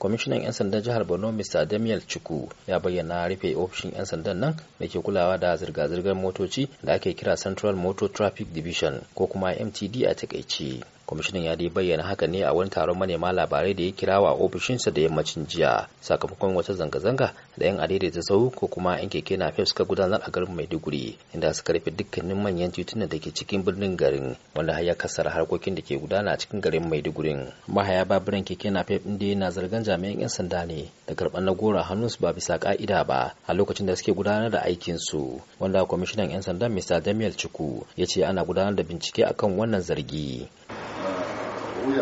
kwamishinan 'yan sandan jihar borno mr damiel chuku ya bayyana rufe ofishin 'yan sandan nan da ke kulawa da zirga-zirgar motoci da ake kira central motor traffic division ko kuma mtd a takaice kwamishinan ya dai bayyana haka ne a wani taron manema labarai da ya kira wa ofishinsa da yammacin jiya sakamakon wata zanga-zanga da yan adaidaita sau ko kuma yan keke na suka gudanar a garin maiduguri inda suka rufe dukkanin manyan titunan da ke cikin birnin garin wanda har ya kasara harkokin da ke gudana a cikin garin maiduguri mahaya babiran keke na fef da yana zargan jami'an yan sanda ne da karɓar na gora su ba bisa ka'ida ba a lokacin da suke gudanar da aikinsu wanda kwamishinan yan sanda mr damiel chuku ya ce ana gudanar da bincike akan wannan zargi we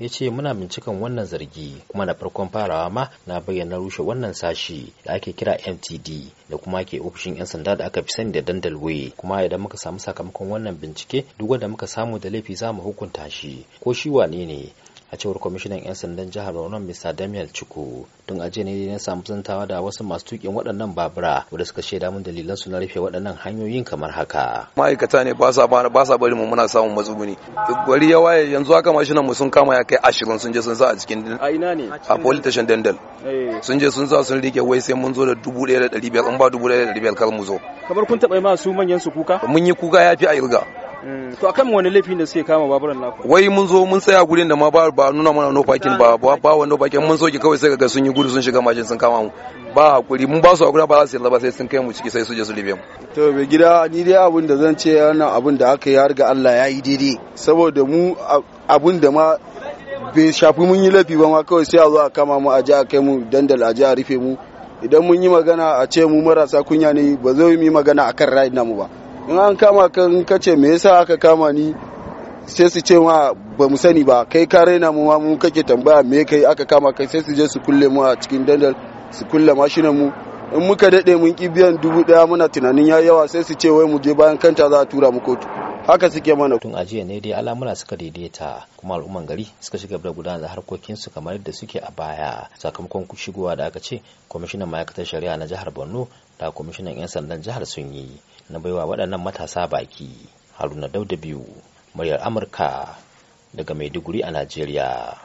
ya ce muna bincikan wannan zargi kuma na farkon farawa ma na bayyana rushe wannan sashi da ake kira mtd da kuma ke ofishin 'yan sanda da aka fi sani da waye kuma idan muka samu sakamakon wannan bincike duk wanda muka samu da laifi za mu hukunta shi ko shi wane ne a cewar kwamishinan 'yan sandan jihar Borno Mr. Daniel Chuku tun aje ne na samu zantawa da wasu masu tukin waɗannan babura wanda suka shaida mun dalilan su na rufe waɗannan hanyoyin kamar haka ma'aikata ne ba sa ba sa bari mu muna samun matsuguni gwari ya waye yanzu haka mashinan mu sun kama ya kai ashirin sun je sun sa a cikin a ina ne a police station dandal eh. sun je sun sa sun rike wai sai mun zo da dubu ɗaya da ɗari biyar in ba dubu ɗaya da ɗari biyar kar mu zo kamar kun taɓa yi ma su manyan su kuka mun yi kuka ya fi a irga Mm. to akan wani laifin da suke kama baburan naku wai mun zo mun tsaya gurin da ma ba ba nuna mana no parking ba ba ba wani no parking mun soke kawai sai ga sun yi gudu sun shiga majin sun kama mu ba hakuri mun ba su hakuri ba za su yalla ba sai sun kai mu ciki sai su je su libe mu to mai gida ni dai abin da zan ce wannan abin da aka yi har ga Allah ya yi daidai saboda mu abin da ma bai shafi mun yi laifi ba ma kawai sai a zo a kama mu a je a kai mu dandal a je a rufe mu idan mun yi magana a ce mu marasa kunya ne ba zai yi magana akan ra'ayin namu ba in an kama ka kace me yasa aka kama ni sai su ce ma ba mu sani ba kai ka raina mu mu kake tambaya me kai aka kama kai sai su je su kulle mu a cikin dandal su kulle mashinan mu in muka dade mun ki biyan dubu daya muna tunanin yayi yawa sai su ce wai mu je bayan kanta za a tura mu kotu haka suke mana tun ajiya ne dai alamuna suka daidaita kuma al'umman gari suka shiga da gudanar da harkokin su kamar yadda suke a baya sakamakon shigowa da aka ce kwamishinan ma'aikatar shari'a na jihar Borno da kwamishinan 'yan sandan jihar sun yi na baiwa waɗannan matasa baki Haruna Dauda biyu muryar Amurka daga Maiduguri a Najeriya